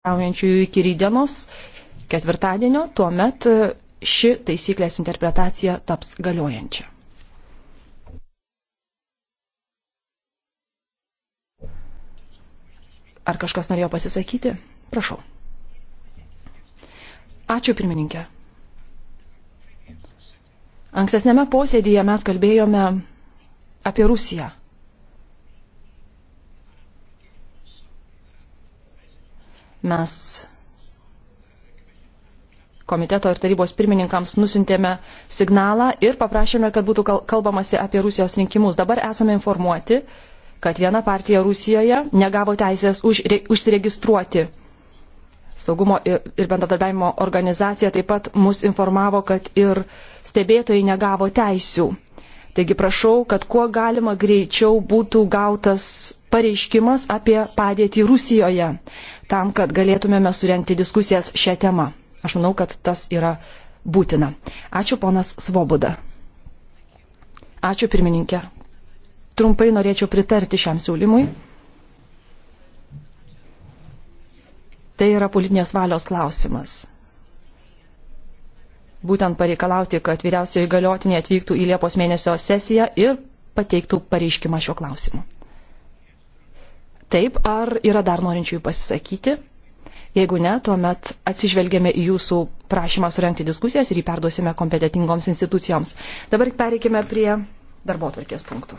prieštaraujančiųjų iki rydienos ketvirtadienio, tuomet e, ši taisyklės interpretacija taps galiojančia. Ar kažkas norėjo pasisakyti? Prašau. Ačiū pirmininkė. Ankstesnėme posėdėje mes kalbėjome apie Rusiją. Mes komiteto ir tarybos pirmininkams nusintėme signalą ir paprašėme, kad būtų kalbamasi apie Rusijos rinkimus. Dabar esame informuoti, kad viena partija Rusijoje negavo teisės už, re, užsiregistruoti. Saugumo ir, ir bendradarbiavimo organizacija taip pat mus informavo, kad ir stebėtojai negavo teisių. Taigi prašau, kad kuo galima greičiau būtų gautas pareiškimas apie padėtį Rusijoje, tam, kad galėtumėme surenkti diskusijas šią temą. Aš manau, kad tas yra būtina. Ačiū ponas Svoboda. Ačiū pirmininkė. Trumpai norėčiau pritarti šiam siūlymui. Tai yra politinės valios klausimas. Būtent pareikalauti, kad vyriausioji galiotinė atvyktų į Liepos mėnesio sesiją ir pateiktų pareiškimą šiuo klausimu. Taip, ar yra dar norinčių pasisakyti? Jeigu ne, tuomet atsižvelgiame į jūsų prašymą surenkti diskusijas ir jį perduosime kompetitingoms institucijoms. Dabar pereikime prie darbo atvarkės punktų.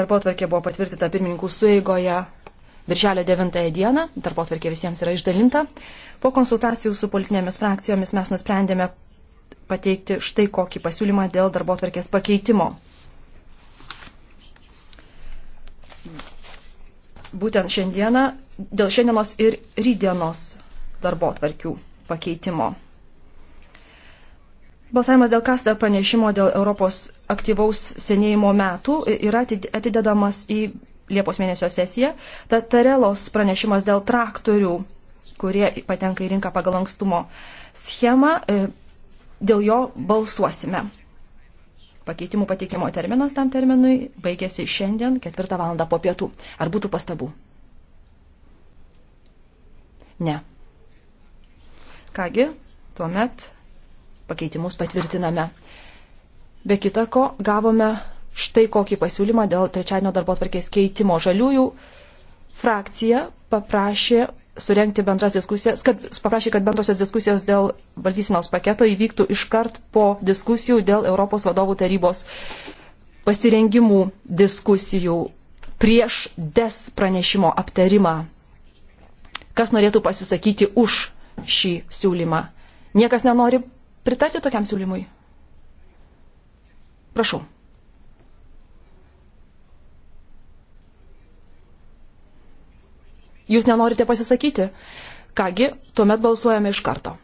Darbo atvarkė buvo patvirtita pirmininkų sueigoje Birželio 9 dieną, darbo atvarkė visiems yra išdalinta. Po konsultacijų su politinėmis frakcijomis mes nusprendėme pateikti štai kokį pasiūlymą dėl darbo atvarkės pakeitimo. būtent šiandieną, dėl šiandienos ir rydienos darbo tvarkių pakeitimo. Balsavimas dėl Kastar pranešimo dėl Europos aktyvaus senėjimo metų yra atidedamas į Liepos mėnesio sesiją. Tad Tarelos pranešimas dėl traktorių, kurie patenka į rinką pagal ankstumo schemą, e, dėl jo balsuosime. Pakeitimų pateikimo terminas tam terminui baigėsi šiandien 4 val. po pietų. Ar būtų pastabų? Ne. Kągi, tuomet pakeitimus patvirtiname. Be kita ko, gavome štai kokį pasiūlymą dėl trečiadienio darbo tvarkės keitimo žaliųjų. Frakcija paprašė surenkti bendras diskusijas, kad paprašė, kad bendrosios diskusijos dėl valdysinos paketo įvyktų iškart po diskusijų dėl Europos vadovų tarybos pasirengimų diskusijų prieš des pranešimo aptarimą. Kas norėtų pasisakyti už šį siūlymą? Niekas nenori pritarti tokiam siūlymui? Prašau. Jūs nenorite pasisakyti? Kągi, tuomet balsuojame iš karto.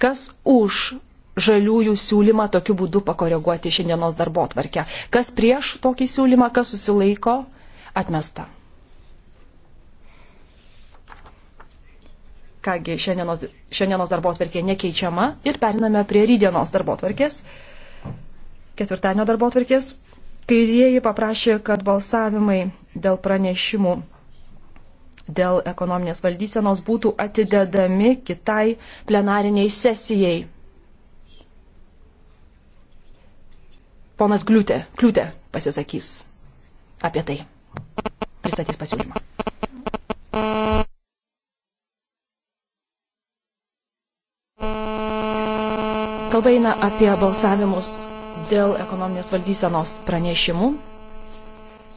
Kas už žaliųjų siūlymą tokiu būdu pakoreguoti šiandienos darbo atvarkę? Kas prieš tokį siūlymą, kas susilaiko? Atmesta. Kągi, šiandienos, šiandienos darbo atvarkė nekeičiama ir periname prie rydienos darbo atvarkės, ketvirtadienio darbo atvarkės. Kairieji paprašė, kad balsavimai dėl pranešimų dėl ekonominės valdysenos būtų atidedami kitai plenariniai sesijai. Ponas Kliūtė, Kliūtė pasisakys apie tai, pristatys pasiūlymą. Kalba eina apie balsavimus dėl ekonominės valdysenos pranešimų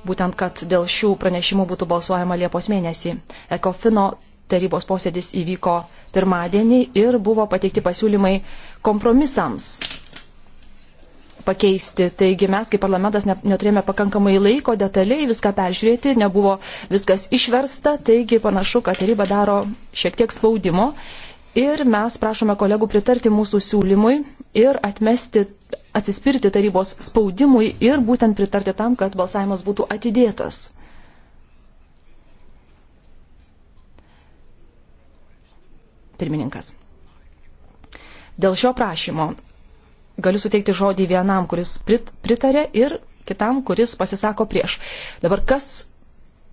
būtent, kad dėl šių pranešimų būtų balsuojama Liepos mėnesį. Ekofino tarybos posėdis įvyko pirmadienį ir buvo pateikti pasiūlymai kompromisams pakeisti. Taigi mes kaip parlamentas neturėjome pakankamai laiko detaliai viską peržiūrėti, nebuvo viskas išversta, taigi panašu, kad taryba daro šiek tiek spaudimo Ir mes prašome kolegų pritarti mūsų siūlymui ir atmesti, atsispirti tarybos spaudimui ir būtent pritarti tam, kad balsavimas būtų atidėtas. Pirmininkas. Dėl šio prašymo galiu suteikti žodį vienam, kuris prit, pritarė ir kitam, kuris pasisako prieš. Dabar kas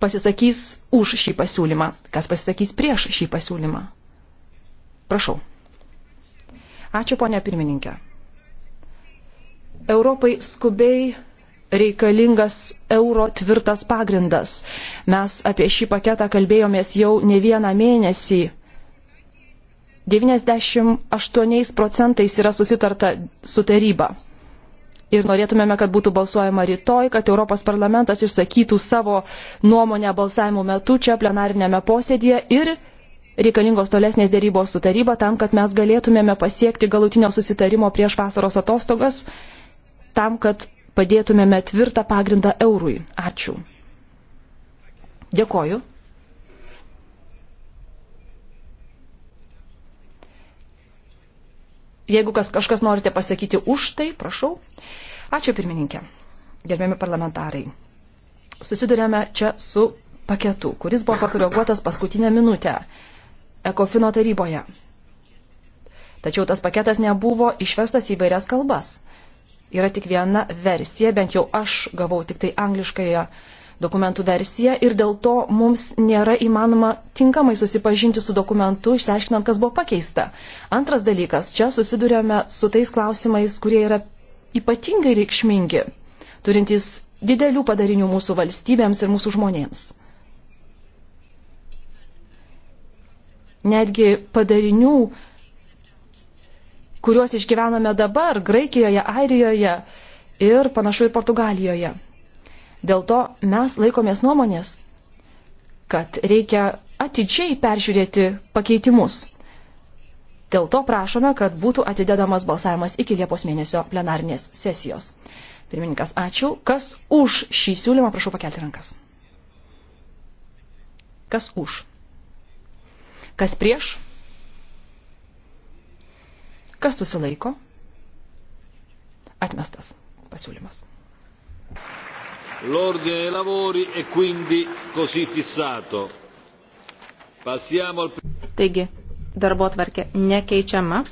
pasisakys už šį pasiūlymą, kas pasisakys prieš šį pasiūlymą? Prašau. Ačiū, ponė pirmininkė. Europai skubiai reikalingas euro tvirtas pagrindas. Mes apie šį paketą kalbėjomės jau ne vieną mėnesį. 98 procentais yra susitarta su taryba. Ir norėtumėme, kad būtų balsuojama rytoj, kad Europos parlamentas išsakytų savo nuomonę balsavimo metu čia plenarinėme posėdėje ir reikalingos tolesnės dėrybos su taryba tam, kad mes galėtumėme pasiekti galutinio susitarimo prieš vasaros atostogas, tam, kad padėtumėme tvirtą pagrindą eurui. Ačiū. Dėkoju. Jeigu kas, kažkas norite pasakyti už tai, prašau. Ačiū pirmininkė. Gerbiami parlamentarai. Susidurėme čia su paketu, kuris buvo pakoreguotas paskutinę minutę. Ekofino taryboje. Tačiau tas paketas nebuvo išvestas į vairias kalbas. Yra tik viena versija, bent jau aš gavau tik tai angliškąją dokumentų versiją ir dėl to mums nėra įmanoma tinkamai susipažinti su dokumentu, išsiaiškinant, kas buvo pakeista. Antras dalykas, čia susidurėme su tais klausimais, kurie yra ypatingai reikšmingi, turintys didelių padarinių mūsų valstybėms ir mūsų žmonėms. netgi padarinių, kuriuos išgyvename dabar Graikijoje, Airijoje ir panašu ir Portugalijoje. Dėl to mes laikomės nuomonės, kad reikia atidžiai peržiūrėti pakeitimus. Dėl to prašome, kad būtų atidedamas balsavimas iki Liepos mėnesio plenarnės sesijos. Pirmininkas, ačiū. Kas už šį siūlymą, prašau pakelti rankas. Kas už? Kas prieš? Kas susilaiko? Atmestas pasiūlymas. L'ordine dei lavori è quindi così fissato. Passiamo al... Taigi, darbo tvarkė nekeičiama.